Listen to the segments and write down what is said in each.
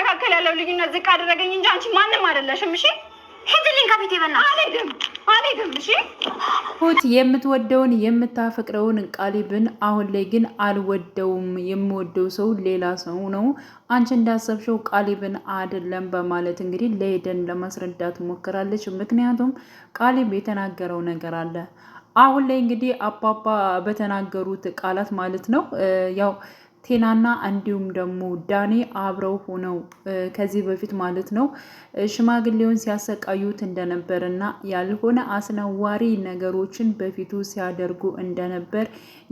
መካከል ያለው ልዩነት ዝቅ አደረገኝ እንጂ አንቺ ማንም አይደለሽም። እሺ ሂድልኝ ከፊቴ በእናትሽ። አልሄድም እሺ ሁት የምትወደውን የምታፈቅረውን ቃሊብን አሁን ላይ ግን አልወደውም፣ የምወደው ሰው ሌላ ሰው ነው፣ አንቺ እንዳሰብሽው ቃሊብን አይደለም በማለት እንግዲህ ለሄደን ለማስረዳት ሞክራለች። ምክንያቱም ቃሊብ የተናገረው ነገር አለ አሁን ላይ እንግዲህ አባባ በተናገሩት ቃላት ማለት ነው ያው ቴናና እንዲሁም ደግሞ ዳኔ አብረው ሆነው ከዚህ በፊት ማለት ነው ሽማግሌውን ሲያሰቃዩት እንደነበርና ያልሆነ አስነዋሪ ነገሮችን በፊቱ ሲያደርጉ እንደነበር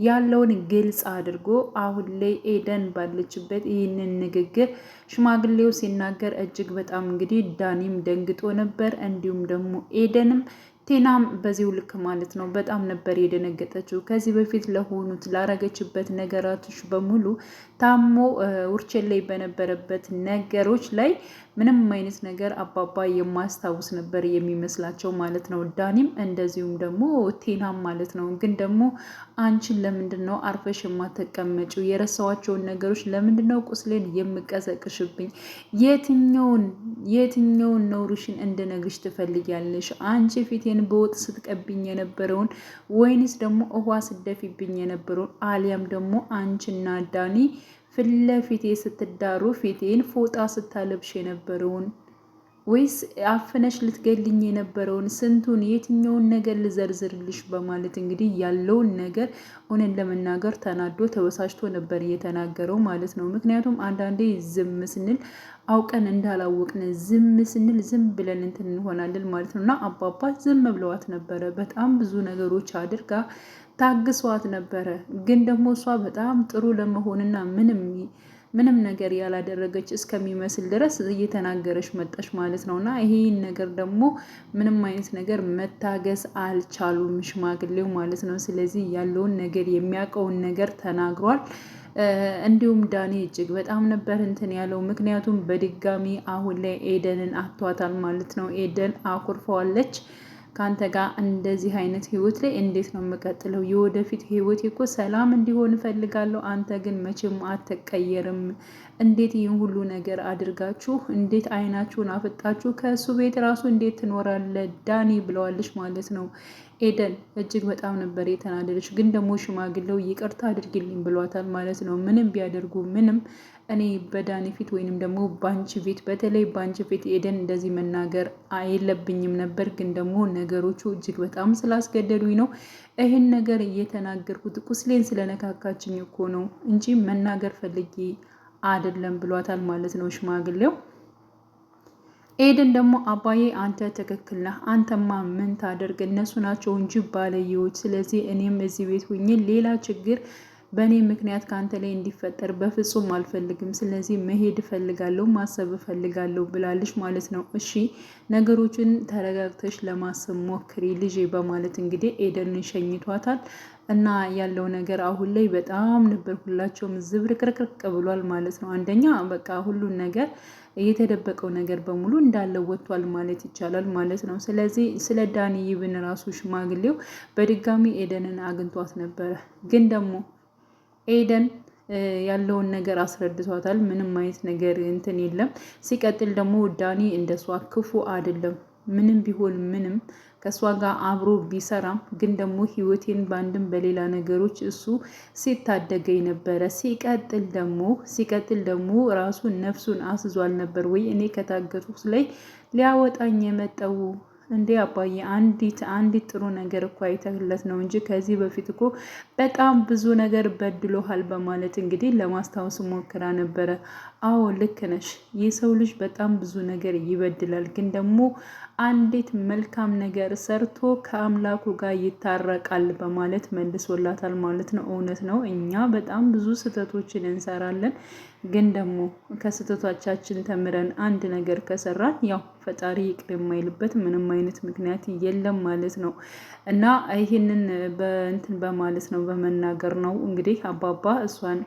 ያለውን ግልጽ አድርጎ አሁን ላይ ኤደን ባለችበት ይህንን ንግግር ሽማግሌው ሲናገር እጅግ በጣም እንግዲህ ዳኒም ደንግጦ ነበር። እንዲሁም ደግሞ ኤደንም ቴናም በዚሁ ልክ ማለት ነው በጣም ነበር የደነገጠችው። ከዚህ በፊት ለሆኑት ላረገችበት ነገራቶች በሙሉ ታሞ ውርቼን ላይ በነበረበት ነገሮች ላይ ምንም አይነት ነገር አባባ የማያስታውስ ነበር የሚመስላቸው ማለት ነው። ዳኒም እንደዚሁም ደግሞ ቴናም ማለት ነው። ግን ደግሞ አንቺን ለምንድን ነው አርፈሽ የማትቀመጪው? የረሳዋቸውን ነገሮች ለምንድን ነው ቁስሌን የምቀሰቅሽብኝ? የትኛውን የትኛውን ነውሩሽን እንድነግርሽ ትፈልጊያለሽ? አንቺ ፊት ይሄን በወጥ ስትቀብኝ የነበረውን ወይንስ ደግሞ ውሃ ስደፊብኝ የነበረውን አሊያም ደግሞ አንቺና ዳኒ ፊት ለፊቴ ስትዳሩ ፊቴን ፎጣ ስታለብሽ የነበረውን ወይስ አፍነሽ ልትገልኝ የነበረውን ስንቱን የትኛውን ነገር ልዘርዝርልሽ በማለት እንግዲህ ያለውን ነገር እውነን ለመናገር ተናዶ ተበሳጭቶ ነበር እየተናገረው ማለት ነው። ምክንያቱም አንዳንዴ ዝም ስንል አውቀን እንዳላወቅን ዝም ስንል ዝም ብለን እንትን እንሆናለን ማለት ነው እና አባባ ዝም ብለዋት ነበረ። በጣም ብዙ ነገሮች አድርጋ ታግሷት ነበረ። ግን ደግሞ እሷ በጣም ጥሩ ለመሆንና ምንም ምንም ነገር ያላደረገች እስከሚመስል ድረስ እየተናገረች መጣች ማለት ነው። እና ይሄን ነገር ደግሞ ምንም አይነት ነገር መታገስ አልቻሉም ሽማግሌው ማለት ነው። ስለዚህ ያለውን ነገር የሚያውቀውን ነገር ተናግሯል። እንዲሁም ዳኒ እጅግ በጣም ነበር እንትን ያለው ምክንያቱም በድጋሚ አሁን ላይ ኤደንን አቷታል ማለት ነው። ኤደን አኩርፈዋለች። ከአንተ ጋር እንደዚህ አይነት ህይወት ላይ እንዴት ነው የምቀጥለው? የወደፊት ህይወት እኮ ሰላም እንዲሆን እፈልጋለሁ። አንተ ግን መቼም አትቀየርም። እንዴት ይህን ሁሉ ነገር አድርጋችሁ እንዴት አይናችሁን አፍጣችሁ ከእሱ ቤት ራሱ እንዴት ትኖራለህ ዳኒ ብለዋለች ማለት ነው። ኤደን እጅግ በጣም ነበር የተናደደች። ግን ደግሞ ሽማግሌው ይቅርታ አድርግልኝ ብሏታል ማለት ነው። ምንም ቢያደርጉ ምንም እኔ በዳኒ ፊት ወይንም ደግሞ ባንቺ ፊት በተለይ ባንቺ ፊት ኤደን እንደዚህ መናገር የለብኝም ነበር፣ ግን ደግሞ ነገሮቹ እጅግ በጣም ስላስገደዱኝ ነው ይህን ነገር እየተናገርኩት። ቁስሌን ስለነካካችኝ እኮ ነው እንጂ መናገር ፈልጌ አይደለም ብሏታል ማለት ነው ሽማግሌው ኤደን ደግሞ አባዬ አንተ ትክክል ነህ፣ አንተማ ምን ታደርግ እነሱ ናቸው እንጂ ባለየዎች። ስለዚህ እኔም እዚህ ቤት ሁኜ ሌላ ችግር በእኔ ምክንያት ከአንተ ላይ እንዲፈጠር በፍጹም አልፈልግም። ስለዚህ መሄድ እፈልጋለሁ፣ ማሰብ እፈልጋለሁ ብላለች ማለት ነው። እሺ ነገሮችን ተረጋግተሽ ለማሰብ ሞክሪ ልጄ በማለት እንግዲህ ኤደንን ሸኝቷታል። እና ያለው ነገር አሁን ላይ በጣም ነበር ሁላቸውም ዝብርቅርቅርቅ ብሏል ማለት ነው። አንደኛ በቃ ሁሉን ነገር የተደበቀው ነገር በሙሉ እንዳለ ወጥቷል ማለት ይቻላል ማለት ነው። ስለዚህ ስለ ዳኒ ይብን ራሱ ሽማግሌው በድጋሚ ኤደንን አግኝቷት ነበረ ግን ደግሞ ኤደን ያለውን ነገር አስረድቷታል። ምንም አይነት ነገር እንትን የለም። ሲቀጥል ደግሞ ዳኒ እንደሷ ክፉ አይደለም። ምንም ቢሆን ምንም ከእሷ ጋር አብሮ ቢሰራም ግን ደግሞ ህይወቴን በአንድም በሌላ ነገሮች እሱ ሲታደገኝ ነበረ። ሲቀጥል ደግሞ ሲቀጥል ደግሞ ራሱ ነፍሱን አስዟል ነበር ወይ እኔ ከታገቱት ላይ ሊያወጣኝ የመጠው እንዴ አባዬ አንዲት አንዲት ጥሩ ነገር እኮ አይተህለት ነው እንጂ ከዚህ በፊት እኮ በጣም ብዙ ነገር በድሎሃል በማለት እንግዲህ ለማስታወስ ሞክራ ነበረ። አዎ ልክ ነሽ። የሰው ልጅ በጣም ብዙ ነገር ይበድላል፣ ግን ደግሞ አንዲት መልካም ነገር ሰርቶ ከአምላኩ ጋር ይታረቃል በማለት መልሶላታል ማለት ነው። እውነት ነው። እኛ በጣም ብዙ ስህተቶችን እንሰራለን፣ ግን ደግሞ ከስህተቶቻችን ተምረን አንድ ነገር ከሰራን ያው ፈጣሪ ይቅር የማይልበት ምንም አይነት ምክንያት የለም ማለት ነው እና ይህንን በእንትን በማለት ነው በመናገር ነው እንግዲህ አባባ እሷን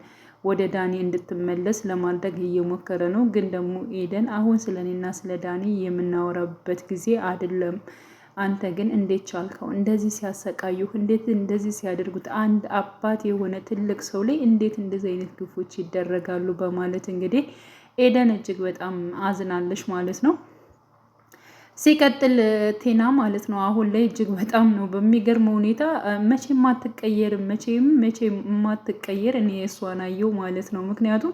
ወደ ዳኒ እንድትመለስ ለማድረግ እየሞከረ ነው። ግን ደግሞ ኤደን አሁን ስለ እኔና ስለ ዳኒ የምናወራበት ጊዜ አይደለም። አንተ ግን እንዴት ቻልከው? እንደዚህ ሲያሰቃዩህ፣ እንዴት እንደዚህ ሲያደርጉት፣ አንድ አባት የሆነ ትልቅ ሰው ላይ እንዴት እንደዚህ አይነት ግፎች ይደረጋሉ? በማለት እንግዲህ ኤደን እጅግ በጣም አዝናለች ማለት ነው። ሲቀጥል ቴና ማለት ነው አሁን ላይ እጅግ በጣም ነው በሚገርመው ሁኔታ መቼ ማትቀየር መቼም መቼ ማትቀየር እኔ እሷን አየው ማለት ነው። ምክንያቱም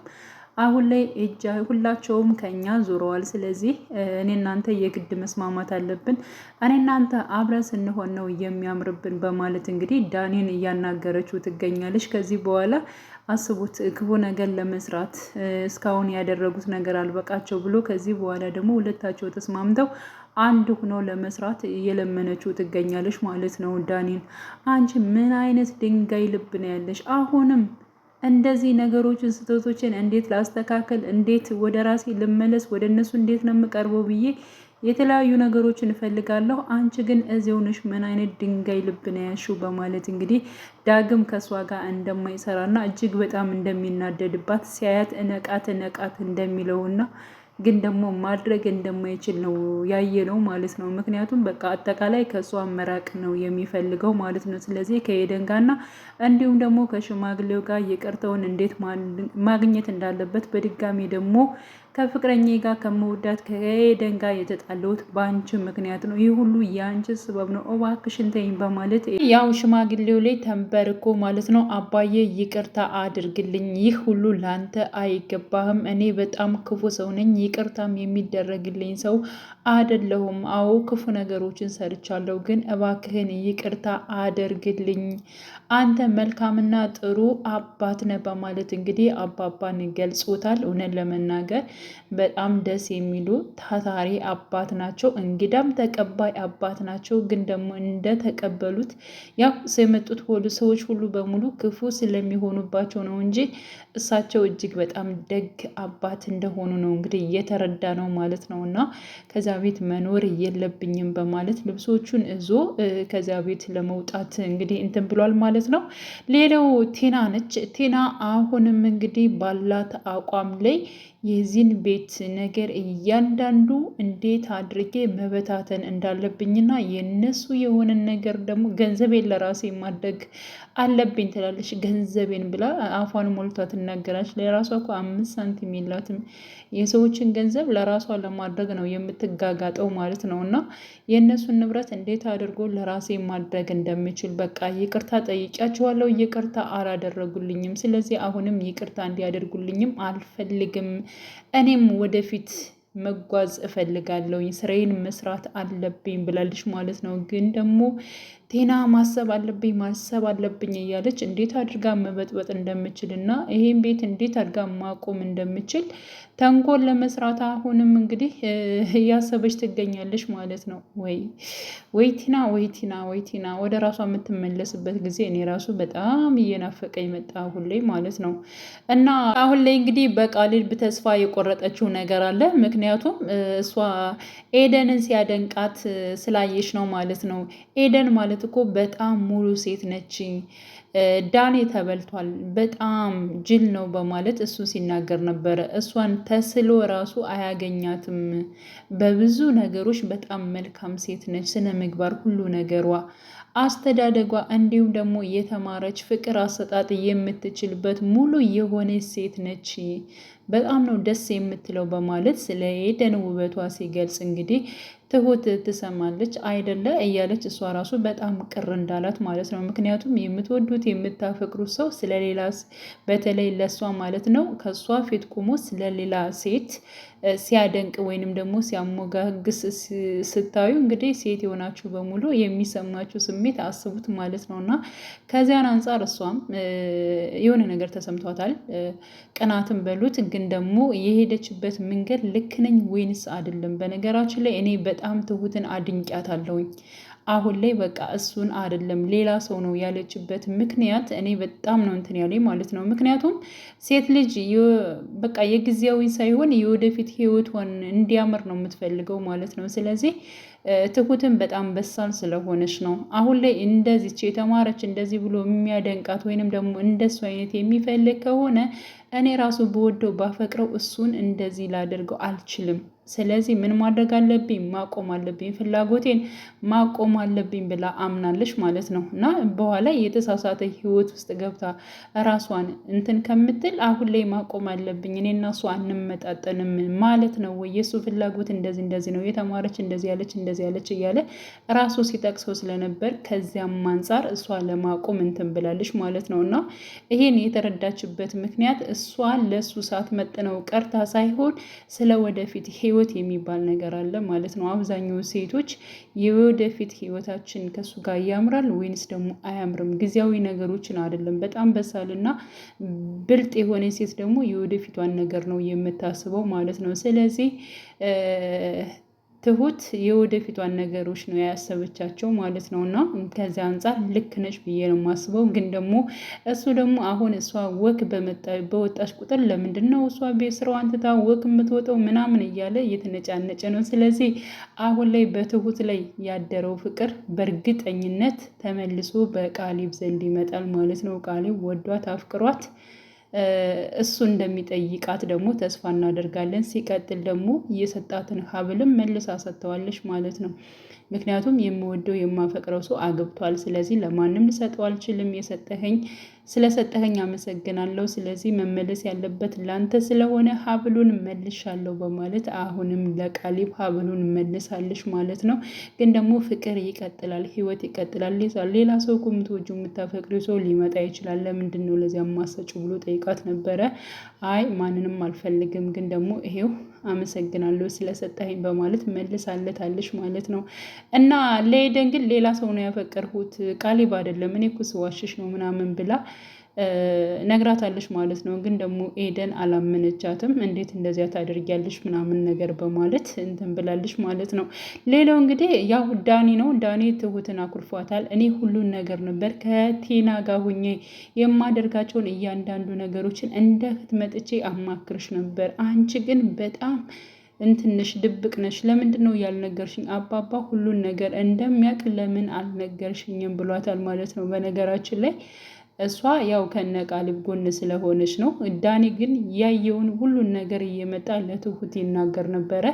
አሁን ላይ እጃ ሁላቸውም ከኛ ዙረዋል። ስለዚህ እኔ እናንተ የግድ መስማማት አለብን፣ እኔ እናንተ አብረን ስንሆን ነው የሚያምርብን በማለት እንግዲህ ዳኔን እያናገረችው ትገኛለች። ከዚህ በኋላ አስቡት ክፉ ነገር ለመስራት እስካሁን ያደረጉት ነገር አልበቃቸው ብሎ ከዚህ በኋላ ደግሞ ሁለታቸው ተስማምተው አንድ ሆኖ ለመስራት እየለመነችው ትገኛለች ማለት ነው ዳኒን። አንቺ ምን አይነት ድንጋይ ልብ ነው ያለሽ? አሁንም እንደዚህ ነገሮችን ስህተቶችን እንዴት ላስተካከል፣ እንዴት ወደ ራሴ ልመለስ፣ ወደ እነሱ እንዴት ነው የምቀርበው ብዬ የተለያዩ ነገሮችን እፈልጋለሁ። አንቺ ግን እዚው ነሽ። ምን አይነት ድንጋይ ልብ ነው ያልሽው? በማለት እንግዲህ ዳግም ከእሷ ጋር እንደማይሰራና እጅግ በጣም እንደሚናደድባት ሲያያት እነቃት እነቃት እንደሚለውና ግን ደግሞ ማድረግ እንደማይችል ነው ያየነው ማለት ነው። ምክንያቱም በቃ አጠቃላይ ከእሷ መራቅ ነው የሚፈልገው ማለት ነው። ስለዚህ ከኤደን ጋርና እንዲሁም ደግሞ ከሽማግሌው ጋር ይቅርታውን እንዴት ማግኘት እንዳለበት በድጋሚ ደግሞ ከፍቅረኛ ጋር ከምወዳት ከኤደን ጋር የተጣለሁት በአንቺ ምክንያት ነው። ይህ ሁሉ የአንቺ ስበብ ነው። እባክሽን ተይኝ በማለት ያው ሽማግሌው ላይ ተንበርኮ ማለት ነው አባዬ ይቅርታ አድርግልኝ፣ ይህ ሁሉ ላንተ አይገባህም። እኔ በጣም ክፉ ሰው ነኝ። ይቅርታም የሚደረግልኝ ሰው አይደለሁም። አዎ ክፉ ነገሮችን ሰርቻለሁ፣ ግን እባክህን ይቅርታ አደርግልኝ አንተ መልካምና ጥሩ አባት ነህ በማለት እንግዲህ አባባን ገልጾታል። እውነት ለመናገር በጣም ደስ የሚሉ ታታሪ አባት ናቸው። እንግዳም ተቀባይ አባት ናቸው። ግን ደግሞ እንደተቀበሉት ያው የመጡት ሁሉ ሰዎች ሁሉ በሙሉ ክፉ ስለሚሆኑባቸው ነው እንጂ እሳቸው እጅግ በጣም ደግ አባት እንደሆኑ ነው እንግዲህ እየተረዳ ነው ማለት ነው። እና ከዚያ ቤት መኖር የለብኝም በማለት ልብሶቹን እዞ ከዚያ ቤት ለመውጣት እንግዲህ እንትን ብሏል ማለት ነው። ሌላው ቴና ነች። ቴና አሁንም እንግዲህ ባላት አቋም ላይ የዚህን ቤት ነገር እያንዳንዱ እንዴት አድርጌ መበታተን እንዳለብኝና የነሱ የሆነን ነገር ደግሞ ገንዘቤን ለራሴ ማድረግ አለብኝ ትላለች። ገንዘቤን ብላ አፏን ሞልቷ ትናገራች። ለራሷ እኮ አምስት ሳንቲም የላትም። የሰዎችን ገንዘብ ለራሷ ለማድረግ ነው የምትጋጋጠው ማለት ነው። እና የእነሱን ንብረት እንዴት አድርጎ ለራሴ ማድረግ እንደምችል በቃ ይቅርታ ጠይቂያቸዋለሁ። ይቅርታ አላደረጉልኝም። ስለዚህ አሁንም ይቅርታ እንዲያደርጉልኝም አልፈልግም እኔም ወደፊት መጓዝ እፈልጋለሁኝ ስራዬን መስራት አለብኝ ብላለች ማለት ነው። ግን ደግሞ ቴና ማሰብ አለብኝ ማሰብ አለብኝ እያለች እንዴት አድርጋ መበጥበጥ እንደምችል እና ይሄን ቤት እንዴት አድርጋ ማቆም እንደምችል ተንኮል ለመስራት አሁንም እንግዲህ እያሰበች ትገኛለች ማለት ነው። ወይ ወይ ቲና ወይ ቲና ወይ ቲና ወደ ራሷ የምትመለስበት ጊዜ እኔ ራሱ በጣም እየናፈቀኝ መጣ አሁን ላይ ማለት ነው። እና አሁን ላይ እንግዲህ በቃሊል ተስፋ የቆረጠችው ነገር አለ። ምክንያቱም እሷ ኤደንን ሲያደንቃት ስላየች ነው ማለት ነው ኤደን ማለት ማለት እኮ በጣም ሙሉ ሴት ነች፣ ዳኔ ተበልቷል፣ በጣም ጅል ነው በማለት እሱ ሲናገር ነበረ። እሷን ተስሎ ራሱ አያገኛትም። በብዙ ነገሮች በጣም መልካም ሴት ነች፣ ስነ ምግባር፣ ሁሉ ነገሯ፣ አስተዳደጓ፣ እንዲሁም ደግሞ የተማረች ፍቅር አሰጣጥ የምትችልበት ሙሉ የሆነች ሴት ነች። በጣም ነው ደስ የምትለው በማለት ስለ ኤደን ውበቷ ሲገልጽ እንግዲህ ትሁት ትሰማለች አይደለ እያለች እሷ ራሱ በጣም ቅር እንዳላት ማለት ነው። ምክንያቱም የምትወዱት የምታፈቅሩት ሰው ስለሌላ በተለይ ለእሷ ማለት ነው ከእሷ ፊት ቁሞ ስለሌላ ሴት ሲያደንቅ ወይንም ደግሞ ሲያሞጋግስ ስታዩ እንግዲህ ሴት የሆናችሁ በሙሉ የሚሰማችሁ ስሜት አስቡት ማለት ነው። እና ከዚያን አንጻር እሷም የሆነ ነገር ተሰምቷታል። ቅናትን በሉት ግን ደግሞ የሄደችበት መንገድ ልክ ነኝ ወይንስ አይደለም? በነገራችን ላይ እኔ በጣም ትሁትን አድንቂያታለሁኝ። አሁን ላይ በቃ እሱን አይደለም ሌላ ሰው ነው ያለችበት ምክንያት እኔ በጣም ነው እንትን ያለኝ ማለት ነው። ምክንያቱም ሴት ልጅ በቃ የጊዜያዊ ሳይሆን የወደፊት ህይወትን እንዲያምር ነው የምትፈልገው ማለት ነው። ስለዚህ ትሁትን በጣም በሳል ስለሆነች ነው አሁን ላይ እንደዚች የተማረች እንደዚህ ብሎ የሚያደንቃት ወይንም ደግሞ እንደሱ አይነት የሚፈልግ ከሆነ እኔ ራሱ በወደው ባፈቅረው እሱን እንደዚህ ላደርገው አልችልም። ስለዚህ ምን ማድረግ አለብኝ? ማቆም አለብኝ፣ ፍላጎቴን ማቆም አለብኝ ብላ አምናለች ማለት ነው። እና በኋላ የተሳሳተ ህይወት ውስጥ ገብታ ራሷን እንትን ከምትል አሁን ላይ ማቆም አለብኝ፣ እኔና እሱ አንመጣጠንም ማለት ነው ወይ የእሱ ፍላጎት እንደዚህ እንደዚህ ነው፣ የተማረች እንደዚህ ያለች እንደዚህ ያለች እያለ ራሱ ሲጠቅሰው ስለነበር ከዚያም አንጻር እሷ ለማቆም እንትን ብላለች ማለት ነው። እና ይሄን የተረዳችበት ምክንያት እሷ ለእሱ ሳትመጥነው ቀርታ ሳይሆን ስለ ወደፊት ህይወት የሚባል ነገር አለ ማለት ነው። አብዛኛው ሴቶች የወደፊት ህይወታችን ከሱ ጋር ያምራል ወይንስ ደግሞ አያምርም? ጊዜያዊ ነገሮችን አይደለም። በጣም በሳልና ብልጥ የሆነ ሴት ደግሞ የወደፊቷን ነገር ነው የምታስበው ማለት ነው። ስለዚህ ትሁት የወደፊቷን ነገሮች ነው ያሰበቻቸው ማለት ነው። እና ከዚያ አንጻር ልክ ነች ብዬ ነው የማስበው። ግን ደግሞ እሱ ደግሞ አሁን እሷ ወክ በወጣች ቁጥር ለምንድን ነው እሷ ቤት ስራዋን ወክ የምትወጣው ምናምን እያለ እየተነጫነጨ ነው። ስለዚህ አሁን ላይ በትሁት ላይ ያደረው ፍቅር በእርግጠኝነት ተመልሶ በቃሊብ ዘንድ ይመጣል ማለት ነው። ቃሊብ ወዷት አፍቅሯት እሱ እንደሚጠይቃት ደግሞ ተስፋ እናደርጋለን። ሲቀጥል ደግሞ የሰጣትን ሀብልም መልሳ ሰጥተዋለች ማለት ነው። ምክንያቱም የምወደው የማፈቅረው ሰው አግብቷል። ስለዚህ ለማንም ልሰጠው አልችልም የሰጠኸኝ ስለሰጠኸኝ አመሰግናለሁ። ስለዚህ መመለስ ያለበት ላንተ ስለሆነ ሀብሉን መልሻለሁ በማለት አሁንም ለቃሊብ ሀብሉን መልሳለች ማለት ነው። ግን ደግሞ ፍቅር ይቀጥላል፣ ህይወት ይቀጥላል። ሌላ ሰው ኩምቶጁ የምታፈቅሪ ሰው ሊመጣ ይችላል። ለምንድን ነው ለዚያ ማሰጩ ብሎ ጠይቃት ነበረ። አይ ማንንም አልፈልግም፣ ግን ደግሞ ይሄው አመሰግናለሁ ስለሰጠኝ በማለት መልሳለታለች ማለት ነው። እና ለኤደን ግን ሌላ ሰው ነው ያፈቀርሁት ቃሌብ አይደለም እኔ እኮ ስዋሽሽ ነው ምናምን ብላ ነግራታለች ማለት ነው። ግን ደግሞ ኤደን አላመነቻትም። እንዴት እንደዚያ ታደርጊያለሽ ምናምን ነገር በማለት እንትን ብላለች ማለት ነው። ሌላው እንግዲህ ያው ዳኒ ነው። ዳኒ ትሁትን አኩርፏታል። እኔ ሁሉን ነገር ነበር ከቴና ጋር ሁኜ የማደርጋቸውን እያንዳንዱ ነገሮችን እንደ ህት አማክርሽ ነበር። አንቺ ግን በጣም እንትንሽ ድብቅ ነሽ። ለምንድን ነው ያልነገርሽኝ? አባባ ሁሉን ነገር እንደሚያውቅ ለምን አልነገርሽኝም? ብሏታል ማለት ነው በነገራችን ላይ እሷ ያው ከነ ቃሊብ ጎን ስለሆነች ነው። ዳኒ ግን ያየውን ሁሉን ነገር እየመጣ ለትሁት ይናገር ነበረ።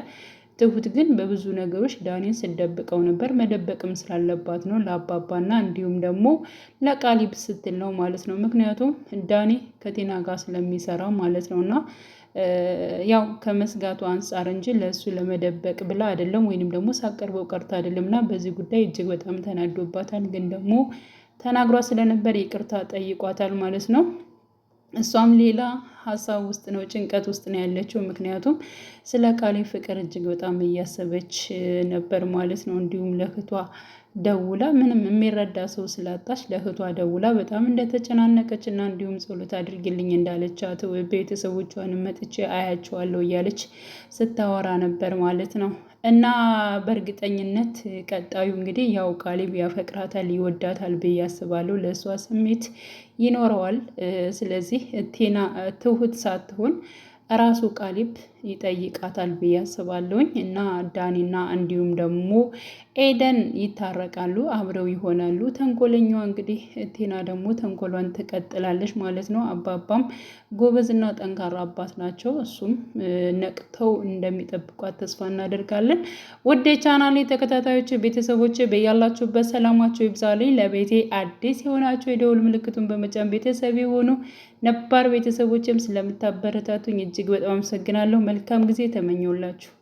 ትሁት ግን በብዙ ነገሮች ዳኒን ስደብቀው ነበር። መደበቅም ስላለባት ነው ለአባባና እንዲሁም ደግሞ ለቃሊብ ስትል ነው ማለት ነው። ምክንያቱም ዳኒ ከቴና ጋር ስለሚሰራ ማለት ነው እና ያው ከመስጋቱ አንጻር እንጂ ለእሱ ለመደበቅ ብላ አይደለም፣ ወይንም ደግሞ ሳቀርበው ቀርታ አይደለም እና በዚህ ጉዳይ እጅግ በጣም ተናዶባታል ግን ደግሞ ተናግሯ ስለነበር ይቅርታ ጠይቋታል ማለት ነው። እሷም ሌላ ሀሳብ ውስጥ ነው፣ ጭንቀት ውስጥ ነው ያለችው። ምክንያቱም ስለ ቃሌ ፍቅር እጅግ በጣም እያሰበች ነበር ማለት ነው። እንዲሁም ለእህቷ ደውላ ምንም የሚረዳ ሰው ስላጣች ለእህቷ ደውላ በጣም እንደተጨናነቀች እና እንዲሁም ጸሎት አድርግልኝ እንዳለቻት ቤተሰቦቿን መጥቼ አያቸዋለሁ እያለች ስታወራ ነበር ማለት ነው። እና በእርግጠኝነት ቀጣዩ እንግዲህ ያው ቃሊብ ያፈቅራታል፣ ይወዳታል ብዬ አስባለሁ። ለእሷ ስሜት ይኖረዋል። ስለዚህ ቴና ትሁት ሳትሆን ራሱ ቃሊብ ይጠይቃታል ብዬ አስባለሁኝ እና ዳኒና እንዲሁም ደግሞ ኤደን ይታረቃሉ፣ አብረው ይሆናሉ። ተንኮለኛዋ እንግዲህ ቴና ደግሞ ተንኮሏን ትቀጥላለች ማለት ነው። አባባም ጎበዝና ጠንካራ አባት ናቸው። እሱም ነቅተው እንደሚጠብቋት ተስፋ እናደርጋለን። ወደ ቻናሌ ተከታታዮች ቤተሰቦች በያላችሁበት ሰላማቸው ይብዛልኝ። ለቤቴ አዲስ የሆናቸው የደውል ምልክቱን በመጫን ቤተሰብ የሆኑ ነባር ቤተሰቦችም ስለምታበረታቱኝ እጅግ በጣም አመሰግናለሁ። መልካም ጊዜ ተመኘውላችሁ።